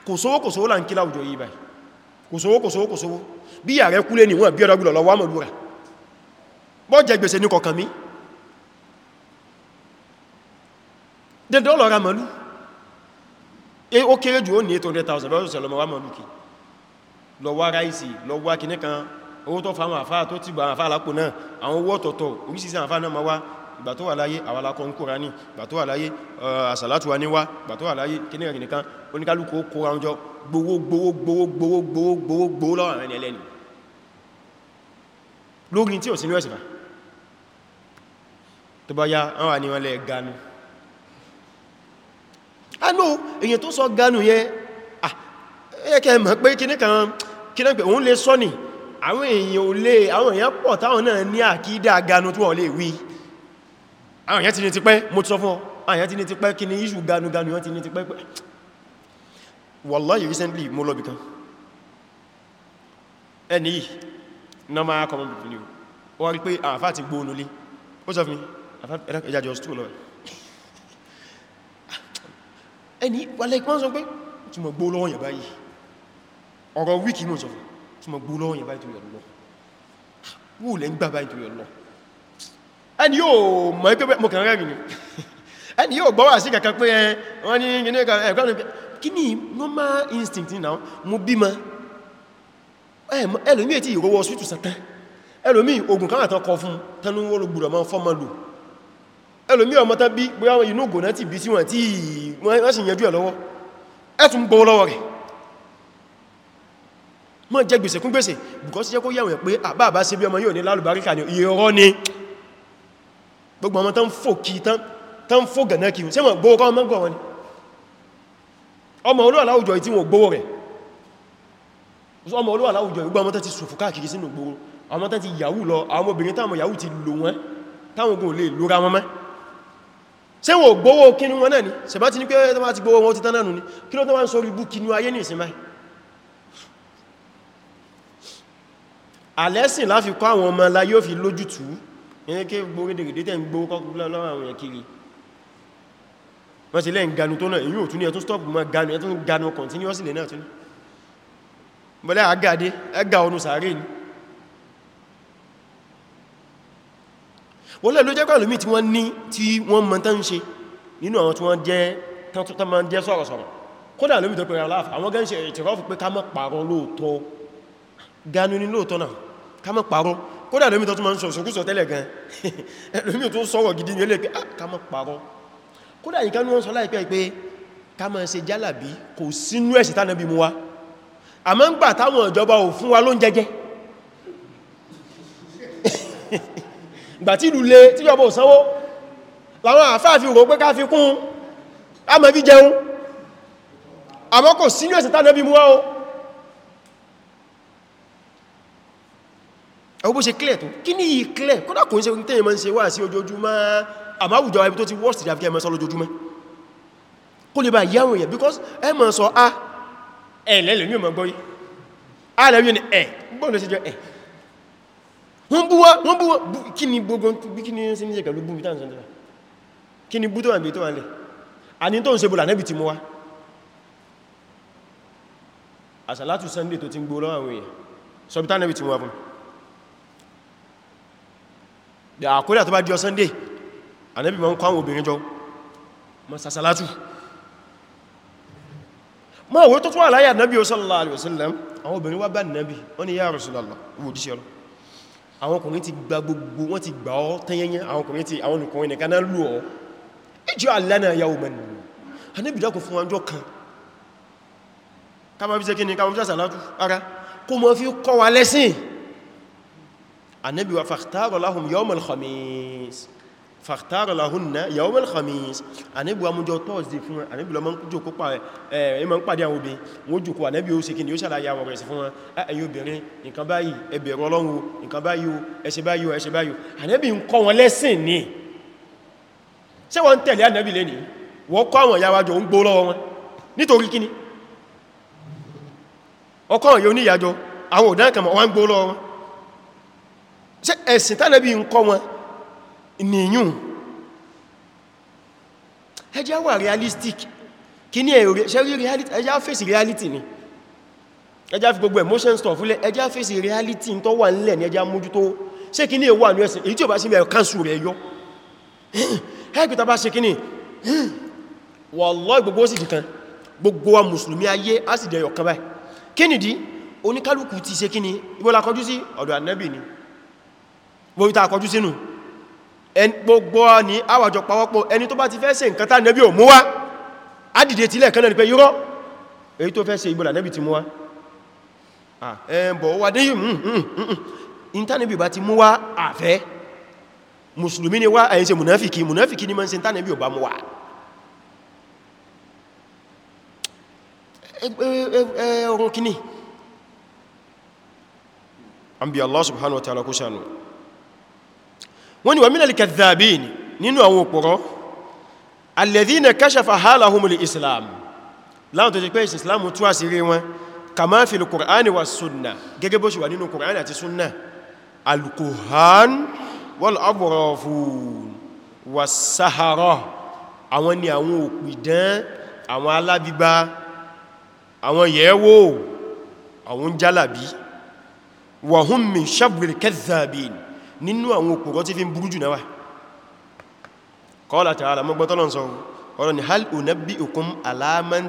kò sówó kò sówó là ń kí láwùjọ yìí báyìí kò sówó kò sówó kò sówó bí ìyà rẹ kúlé níwọ̀n bí ọ̀dọ́gbùlọ̀ lọ wà mọ̀ lúra bọ́ jẹ gbèsè ní kọ̀kan mi dẹ̀dọ́ lọ ra mọ̀lú e ó kéré jù ó ní 800,000 bọ́sùn sẹ̀lọ́mọ̀ wà mọ̀lú kí lọ wá ráìsì lọ wá kìnnìkan owó tó fáwọn àfáà ìgbà tó wà láyé àwa la kọ ń kóra ní ìgbà tó wà láyé eh, àsàlátù wa níwá ìgbà tó wà láyé kíní ẹ̀rìn nìkan oníkálùkù ó kóra oúnjọ gbowó gbowó gbowó gbowó gbowó gbowó gbowó lọ́wọ́ àwọn ẹlẹ́ni lórí àwọn ganu anú èyàn tó sọ ganu ah, yẹ ẹ̀kẹ́ mọ̀ pé kíní kan kíní pé òun lè ni àwọn èèyàn pọ̀ táwọn náà ní àkídà ganu tó wọ́n lè wí àwọn èèyàn ti ní ti pẹ́ mo ti sọ fún ọ àwọn èèyàn ti ní ti pẹ́ kí ni issue ganuganu wọ́n ti ní ti pẹ́ pẹ́ wallahi recently mo lọ bìkan ẹni yìí normal common people ni o wọ́n rí pé àfá ti gbóònú lé ó sọ fún mi ẹjá jọ stool lọ́wọ́ ẹni wàlẹ̀ ìpọ́n sọ pé tí mọ̀ gbóòlọ́ òyìnbá yìí ọ̀rọ̀ wíkì mọ̀ sọ fún tí mọ̀ gbóòlọ́ òyìnbá ìtòyọ̀ lọ ẹni yóò mọ̀ pé mo kàn rẹ̀rìn ẹni yóò gbọ́wà sí kankan pé ẹ wọ́n ní gínú ẹ̀kọ́nù kí ní normal instinct náà mo bímọ ẹlòmí ètí ìrọwọ́ sweet satan ẹlòmí ogun kan àtàn kọ fún tánú wọ́n gbùrọ̀ mọ́ fọ́mọ lò ẹlòmí ọmọ tán bí bóyá wọn inú ògùn náà ti bí sí wọn tí wọ́n sì yanjú ẹ̀ lọ́wọ́ ẹ tún gbọ́ lọ́wọ́ rẹ̀ mọ́ jẹ gbèsè kún gbèsè bùkọ́ sí jẹ́ kó yàwó ẹ̀ pé àbá àbá sí bí ọmọ yóò ní lálùbáríkà ní ìrọ́ ni gbogbo ọmọ tán fò kí tán fò gànà kí ṣe mọ̀ gbówó kọ́ ọmọ gbọ́ wọn ni ọmọ olówà láwùjọ ìtí wọn gbówó rẹ̀ ọmọ olówà láwùjọ ìgbà ọmọ tán ti sòfò káàkiri sínú gbówó ọmọ tán ti yàwú lọ àwọn obìnrin táwọn yàwú ti lò wọn táwọn ogun lè lóra wọn mẹ́ ṣe wọn gbówó kínú wọn náà ni ṣe bá ti ní pé tó bá ti gbówó wọn ti tán náà ni kí ló tó wá ń sọ ibú kínú ayé ní ìsinmi àlẹ́sìn láfi kọ́ àwọn ọmọ láyé ó fi lójútùú ìyẹn kí gbogbo dèrèdè tẹ́ ń gbogbo kọ́kùnlọ́ àwọn èèyàn kiri wọ́n ti lẹ́ ń ganu tó náà èyí ò tún stop ma ganu ẹ̀tún ganu continuously náà tún bọ́lá àgáde ẹgà ọnù sàárè ni wọ́n lẹ́ ló jẹ́ pẹ̀lú mi tí wọ́n ní tí wọ́n mọ̀ tán ṣe nínú àwọn tí wọ́n jẹ́ tán máa jẹ́ sọ̀rọ̀sọ̀rọ̀ kódà lóbi tó pẹ̀rẹ̀ aláàfà àwọn gẹ́ ń ṣe ìtìrọ́fù pé ká má pààrọ̀ lóòtọ́ ganu ni lóòtọ́ náà ká má pààrọ̀ kódà lómi tó tún ma ń sọ̀sọ̀kúsọ̀ tẹ́lẹ̀ gan lómi tó sọ̀rọ̀ gidi ní ẹlẹ́ pé ah, ká má parọ́ kódà yìí kánú wọn sọ láìpẹ́ pé ká má ṣe jálàbí kò sínú ẹ̀sì tánàbí mú wa a má ń gbà táwọn ìjọba ò fún wa ló ń jẹjẹ gbà tí ìlú le tí ìjọba ò sanwó làwọn àfáà fi rò pé ká fi kún a má fi jẹun àmọ́ kò sínú ẹ̀sì tánàbí mú wa o ẹwọ́ bó clear tó kí ní clear kódà kò ń ṣe tẹ́yìn mọ́ ń ṣe wà sí ojoojúmọ́ àmáwùjọ ibi tó ti worst ìdáfíkẹ́ ẹmọ́ sọ lójoojúmọ́ kó lè bá yáwọn èèyàn because ẹmọ́ sọ a ah, ẹ̀lẹ́lẹ̀ ah, ní ọmọ gbọ́yí a lẹ́yìn ni ẹ̀ gbọ́n lọ sí jẹ́ ẹ̀ eh? wọ́n bú wá ni gbogbo bí kí ni sí ní ṣẹ̀kẹ̀lú bú mítà nìsọ́nà kí ni bú tó wà ní ti mú wá sunday tó ti ń gbó lọ́wọ́ àwọn èèyàn fún àkódà tó bá di Sunday Ànábì ma ń kọ́ àwọn obìnrin jọ ma sàsàlátù ma wọ́n tó tún àláyà Ànábì sallallahu alaihi wasallam àwọn obìnrin wá bá Ànábì wọ́n ni ya Rasulullah owó jíṣẹ́ ọlọ́ àwọn ọkùnrin ti gba gbogbo wọ́n ti gbà ọ́ tẹ́yẹnyẹ àwọn ọkùnrin ti àwọn ọkùnrin nìkan náà lù ọ́ ij'al lana yawman Ànábì dákùn fún ọjọ́ kan ká ma fi ṣe kí ni ká ma fi sàsàlátù ara kó ma fi kọ́ wa lẹ́sìn annabi wa fakhtara lahum yawm al-khamis fakhtara lahunna yawm al-khamis annabi wa mujo thursday fún annabi ló man jókòó pa eh man pàdé àwọn obi wọ́n jókòó annabi ó ṣe kíni ó ṣàlàyé àwọn rẹ̀ sí fún ah ẹ̀yin obìnrin nǹkan báyìí ẹ bẹ̀rù Ọlọ́hun o nǹkan báyìí o ẹ ṣe báyìí o ẹ ṣe ẹ̀sìn tánàbí ń kọ́ wọn nìyún ẹjá wà realistic kí ní ẹ̀rọ ṣẹ́rí reality ẹjá fèsì reality ni ẹjá fi gbogbo emotion stuff lẹ́ ẹjá fèsì reality tó wà nílẹ̀ ní ẹjá mójútó ṣe kí ní ẹwà ní ẹ̀sìn èyí tí ó bá sí mẹ́rẹ̀ kánsù rẹ̀ yọ ẹgbẹ̀ta bá ṣe kí ní wallahi gbogbo sì dìkan gbogbo wa mùsùlùmí ayé á sì dẹ̀yọ̀ kan báyìí kí nìdí oníkálùkù ti ṣe kí ní ibola kọjú sí ọ̀dọ̀ ànábì ni gbogbo ta kọjú sínú gbogbo ní àwàjọ pàwọ́pọ̀ ẹni tó bá ti fẹ́ ṣe nǹkan tá nẹ́bí ò mú wá á dìde tí lẹ́ẹ̀kan náà ni pé yúrọ́ èyí tó fẹ́ ṣe ìbọ̀là nẹ́bí ti mú wá ẹ̀bọ̀ wà ní ìntánẹ́bí bá ti mú wá àfẹ́ mùsùlùmí ni wá àyíṣẹ́ mùnáfìkì mùnáfìkì ni mọ́ sí ìntánẹ́bí ò bá mú wá ọ̀rọ̀ kìíní an Allah subhanahu wa ta'ala kó wọ́n ni wàmínà kàzàbín nínú àwọn òpòrọ́ alẹ́dínà kásàfà hálàhùmùlì islam láwọn tó ti pé islam tú àsírí wọn kàmá fi al-Qur'ani wa sunna gẹ́gẹ́ bó ṣe wà nínú Qur'ani àti sunna al-kuhan wal wa hum nínú àwọn òpòrọ tí fi ń burú jù náà wà qala ta'ala mọ́gbọ́tọ́lọ́n sọ ọ̀rọ̀ ni hal unabbi'ukum ala man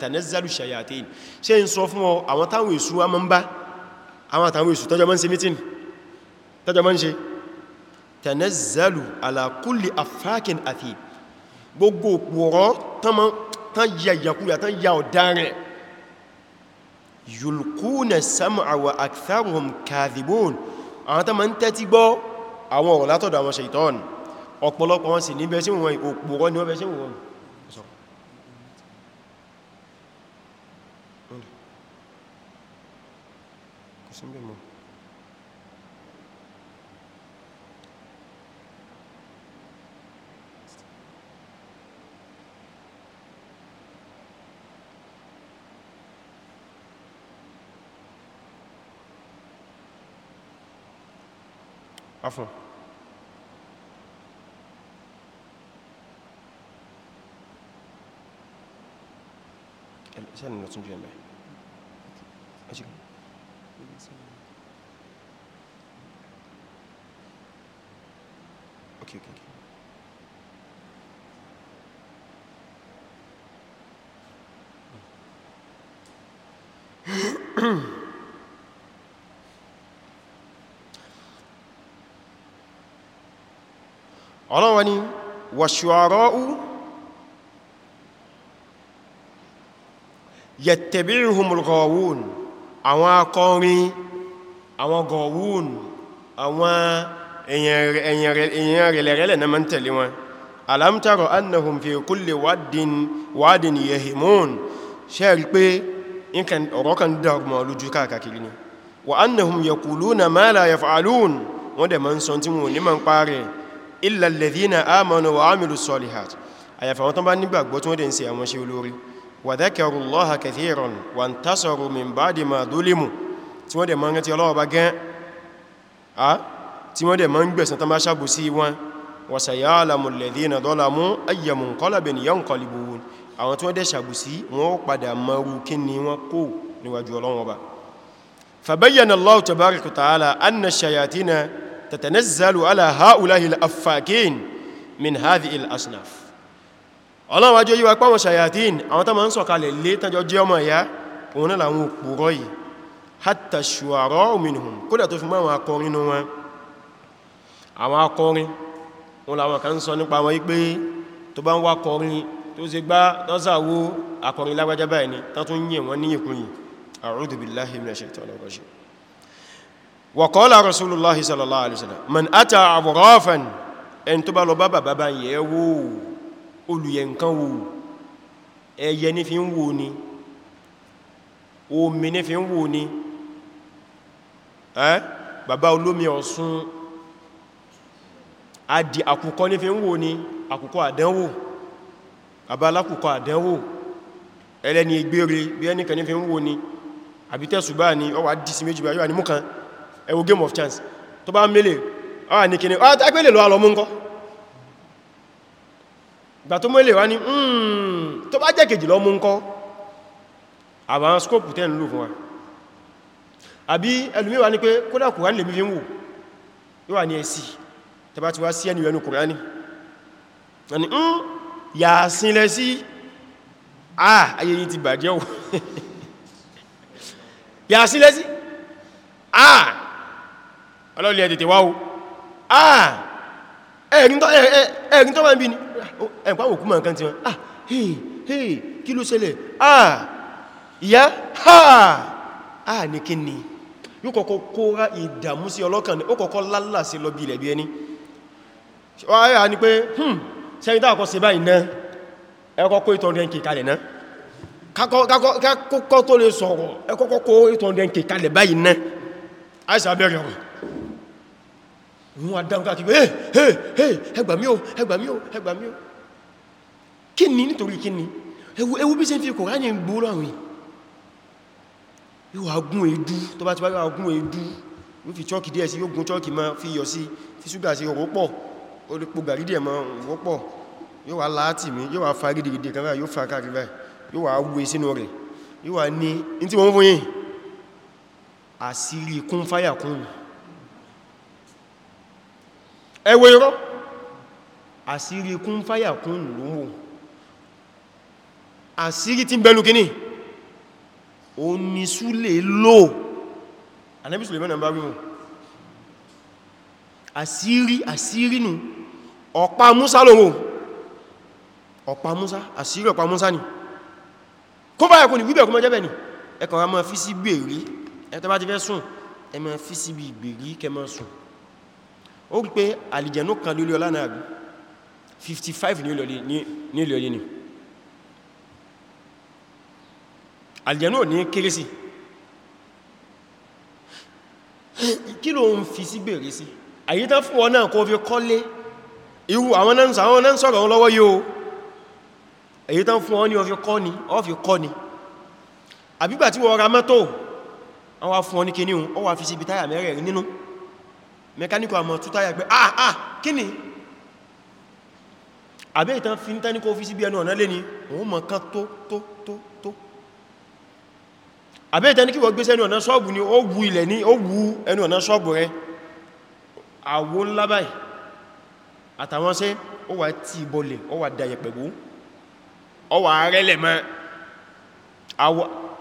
tanazzalu shayatin ṣe ń sọ fún àwọn táwọn èṣù a bá àwọn àtàwọn èṣù tọ́jọ mọ́ mítín tọ́jọ mọ́ ń ṣe afakin athim gbogbo òpòrọ tán yàyàkúyà tán yà àwọn tó ma ń tẹ́tí gbọ́ àwọn ọ̀rọ̀ látọ̀dọ̀ àwọn ṣaitan ọ̀pọ̀lọpọ̀ wọn sì níbẹ̀ sí wọn òpòrọ ni wọ́n bẹ̀ sí wọn Thank you. Affe. Sen Okay, okay, okay. Mm-hmm. ọlọ́wọ́ ni wàṣùwárọ́ú yattabi'uhumul ghawun àwọn akọrin àwọn ghawun àwọn èyàn rẹ̀lẹ̀rẹ̀lẹ̀ na mọ́n tẹ̀lé wọn alam tara annahum fi kulli wadin wadin yahimun ṣe rí pé ọ̀rọ̀ kan dárùmọ̀ lójú káàkiri ni wa annahum yaquluna ma la yaf'alun wọ́n dẹ̀ ma ń sọ tí wọ́n ní illa alladhina amanu wa amilu solihat àyàfà wọn tó bá nígbàgbọ́ tí wọ́n dẹ̀ ń ṣe àwọn ṣe olórí wa dhakaru llaha kathiran wa intasaru min ba'di ma dhulimu tí wọ́n dẹ̀ ma ń rántí Ọlọ́run bá gán a tí wọ́n dẹ̀ ma ń gbẹ̀sán tó bá ṣàbù sí wọn wa saya'lamu alladhina dhalamu ayya munqalabin yanqalibun àwọn tí wọ́n dẹ̀ ṣàbù sí wọn ó padà تتنزل على هؤلاء الافاكين من هذه الاصناف ọlọ́run wájú yíwa pàwọn ṣayatín àwọn tó ma ń sọ̀kalẹ̀ lé tánjọ jẹ́ ọmọ ìyá òun náà àwọn òpùrọ́ yìí hatta shu'ara'u minhum kódà tó fi mọ́ àwọn akọrin nínú wọn àwọn akọrin wọn làwọn kan sọ nípa wọn wípé tó bá ń wá kọrin tó ṣe gbá tọ́sàwó akọrin lágbàjábáyìí ni tán tún yìn wọ́n ní ìkúnyìn a'udhu billahi minash shaitanir rajim wọ̀kọ́lá rasulullahi sallallahu alaihi wasallam man ata àwọ̀rọ̀fàn ẹni tó bá lọ bá bàbá yẹ wó olùyẹ nǹkan wó ẹyẹ ní fi ń wó ni omi ní fi ń wó ni ẹ́ bàbá olómi ọ̀sún adì àkùkọ ní fi ń wó ni àkùkọ àdánwò bàbá alákùkọ àdánwò ẹlẹ́ni ìgbére bí ẹnìkan ní fi ń wó ni àbítẹ́sùbá ni ọwà dìsí méjì yíwa ní mú kan ẹ game of chance tó bá mẹ́lẹ̀ ah ní kíní ah tẹ́gbẹ́lẹ̀ lọ́wọ́ lọ́mú ńkọ́ gbà tó mẹ́lẹ̀ wá ní hmm, tó bá jẹ́ kejì lọ́mú ńkọ́ àbá scope tẹ́ ń lò fún wa àbí ẹlùmíwà ní pé kódà kùránì lè mìí wò yóò wà ní ẹ̀sì tẹ́bá sí ẹni hmm, àà ọlọ́lẹ̀ tètè wá o ah ẹ̀rin tó máa ń bí ní ẹ̀pá òkú ma nǹkan ti wọn ah hey hey kí ló ṣẹlẹ̀ ah ìyá ha ah ní kí ni yóò kọ́kọ́ kóra ìdàmú sí ọlọ́kàn ó kọ́kọ́ lálà sí lọ bí ilẹ̀ bí ẹni wáyà ni pé hmm sẹ́yìn tààkọ́ sí báyìí náà ẹkọ́ kó ìtọ́ rẹ̀ kìkalẹ̀ náà kakọ́ tó lè sọ̀rọ̀ ẹkọ́kọ́ kó báyìí náà àìsà ọ̀rọ̀ wọn a dáhùn káàkiri hey hey hey ẹgbà mí o ẹgbà mí o ẹgbà mí o kí ni nítorí kí ni ewu bí ṣe ń fi Kùránì ń gbó láwìn yóò agún èédú tó bá ti wáyé agún èédú ní fi chọ́kì díẹ̀ sí yóò gún chọ́kì ma fi yọ sí fi ṣúgà sí òrópọ̀ olùpò gàrí díẹ̀ ma òrópọ̀ yóò wá láti mi yóò wá fa gidigidi kan báyìí yóò fa káàkiri báyìí yóò wá wé sínú rẹ̀ yóò wá ní ní tí wọ́n fún yìí àṣírí kún fáyà kún ẹwọ irọ́ àsírí kún fáyà kún lòmò àsírí tí ń bẹ̀lú kíní o ní súlè lò Ànábì Suleiman bá rí wọn àsírí àsírí nù ọ̀pá Musa lòmò ọ̀pá Musa àsírí ọ̀pá Musa ni kún fáyà kún ní wíbẹ̀ kún mọ́jẹ́bẹ̀ a máa fi sí gbèrí ẹ tó bá ti fẹ́ sùn ẹ máa fi sí bí gbèrí kẹ máa sùn ó rí pé àlìjẹ̀nú kan lórí ọlá náà 55 ní ilẹ̀ ni àlìjẹ̀nú ò ní kéré sí kí ló ń fi sí gbèrè sí àyíká fún wọn náà kó fi kọ́lé irú àwọn náà sọ̀rọ̀ wọn lọ́wọ́ yóò èyí tán fún ọ ní ọfí kọ́ ni ọfí kọ́ ni àbígbà tí wọ́n ra mọ́tò wọ́n wá fún ọ ní kíníhun ọ wá fi sí ibi táyà mẹ́rẹ̀ nínú mẹkáníkò àmọ̀ tútáyà pé ah ah kí ni àbẹ́ ìtàn fi ń tánikò fi sí bí ẹnu ọ̀nà lé ní òun mọ̀ kan tó tó tó tó àbẹ́ ìtàn ní kí wọ́n gbé sẹ́nu ọ̀nà ṣọ́ọ̀bù ni ó wu ilẹ̀ ní ó wu ẹnu ọ̀nà ṣọ́ọ̀bù rẹ àwo ńlá báyìí àtàwọn sẹ́ ó wà tí ìbọlẹ̀ ó wà dayẹ̀ pẹ̀gbó ó wà rẹ́lẹ̀ mọ́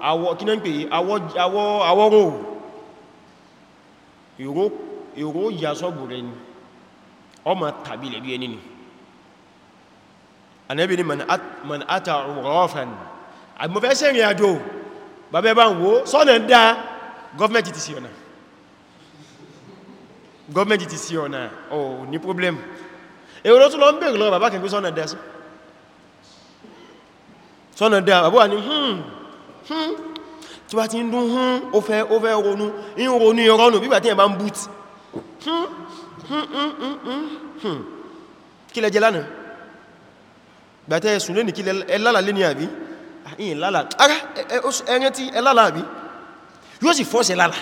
àwọ̀ kí náà ń pè àwọ̀ àwọ̀ àwọ̀ rò èrò yà sọ́bù rẹ̀ ni ọmọ tàbí lẹ̀bí ẹni ni Ànábì ni man ata rọ́fàn àgbọ́fẹ́ sí ìrìn àjò bàbẹ́ bá ń wo sọ́nà dá gọ́ọ̀mẹ́ntì ti sí ọ̀nà gọ́ọ̀mẹ́ntì ti sí ọ̀nà ò ní problem èrò tó lọ ń bèèrè lọ bàbá kẹ́kẹ́ sọ́nà dá sọ́nà hmm hmm tí wá ti ń dún hún hmm, ó fẹ́ ronú ń ronú ìrọ́nù bí bàtí ẹ̀ bá ń bútì kí lẹ jẹ lánàá gbàtẹ́ ẹ̀sùn lé ní kí ẹlálà lé ní àbí ah, ìyìn lálà ara ẹ̀rẹ́ tí ẹlálà àbí yóò sì fọ́sẹ̀ lálà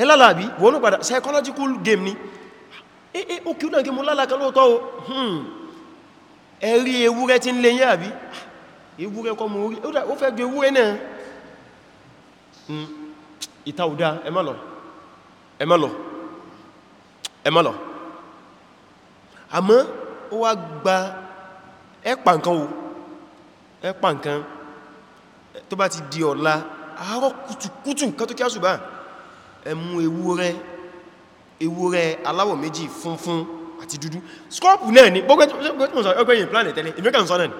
ẹlálà àbí wọ́n ní padà psychological game ni ee eh, eh, o kí o náà gí mú hmm. lálà kan lóòtọ́ o ẹ̀rí ewúrẹ́ tí ń lé yẹ́ àbí ah, ewúrẹ́ kọ́ mú orí ó fẹ́ gbé ewúrẹ́ náà hmm. ìta ò ẹ má lọ àmọ́ ó wá gba ẹ̀pà nǹkan o ẹ̀pà nǹkan tó bá ti di ọ̀la àárọ̀ kùtùkùtù kan tó kí á ṣùgbà ẹ mú ewúrẹ́ ewúrẹ́ aláwọ̀ méjì funfun àti dúdú skọ́pù náà ni gbọ́gbẹ́gbẹ́gbẹ́gbẹ́yìn plan tẹ́lẹ̀ ìmẹ́kà ń sọ náà ni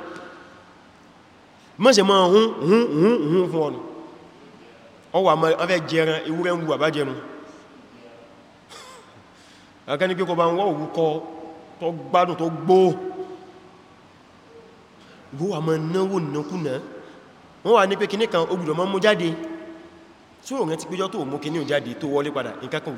mọ́ se máa hún hún hún fún ọ̀nà ọwà mọ́ fẹ́ jẹran ewúrẹ́ ń wù àbájẹrun akẹni pé kọ bá ń wọ́ òwúkọ tó gbádùn tó gbó gbó wà mọ́ náwó nàkúnà wọ́n wà ní pé kìní kan ogbùdọ̀ mọ́ mú jáde tí ó rẹ̀ ti péjọ́ tó mú kìní jáde tó wọlé padà nǹkankan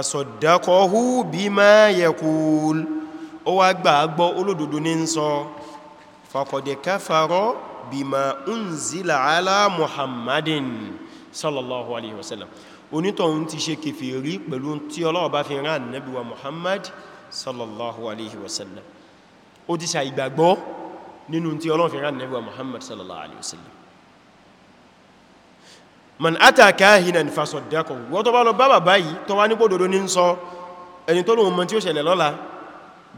ò sí bima yaqul ó wá gbà á gbọ́ olódodo ní ń sọ faqad kafara bima unzila ala muhammadin sallallahu alaihi wasallam onítọ̀hún ti ṣe kèfèrí pẹ̀lú tí Ọlọ́run bá fi rán Ànábì wa muhammad sallallahu alaihi wasallam ó ti ṣàìgbàgbọ́ nínú tí Ọlọ́run fi rán Ànábì wa muhammad sallallahu alaihi wasallam man ata kahinan fasaddaqahu wọ́n tó bá lọ bá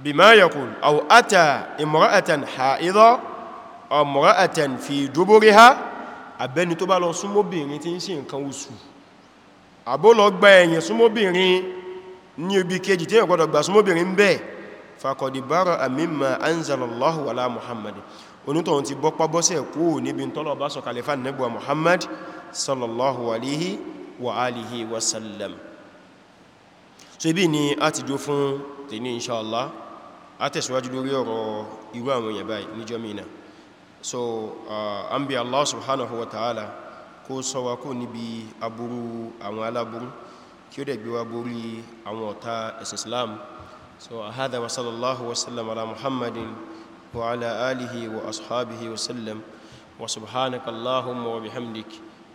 بما يقول أو أتى امرأة حائضة أو امرأة في دبرها abẹ́ni tó bá lọ súnmọ́bìnrin tí ń ṣe nǹkan oṣù àbó lọ gba ẹ̀yìn súnmọ́bìnrin ní ibi kejì tí ìrọ̀gbọ́dọ̀ gba súnmọ́bìnrin bẹ́ faqad bara'a mimma anzalallahu ala Muhammad onítọ̀hún ti bọ́pá bọ́sẹ̀ kú níbi tọ́lọ̀ bá sọ̀kalẹ̀ fún Ànábì Muhammad sallallahu so ibi ni a ti dó fún tèní inshallah àtẹ̀síwájú lórí ọ̀rọ̀ irú àwọn èèyàn báyìí ní jọmínà so a ń bí Allah subhanahu wa ta'ala kó ṣọ́ wa kó níbi aburú àwọn aláburú kí ó dẹ̀ gbé wa borí àwọn ọ̀tá ẹ̀sìn Islam so a hada wa sallallahu wa sallam ala muhammadin wa ala alihi wa ashabihi wa sallam wa subhanaka allahumma wa bihamdik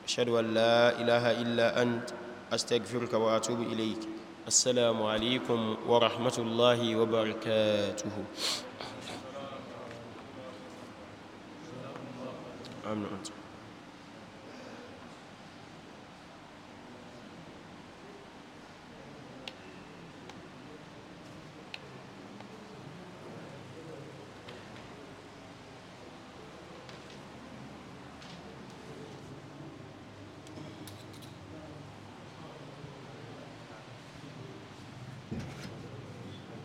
ashhadu an la ilaha illa ant astaghfiruka wa atubu ilayk السلام عليكم ورحمة الله وبركاته أمن أنتم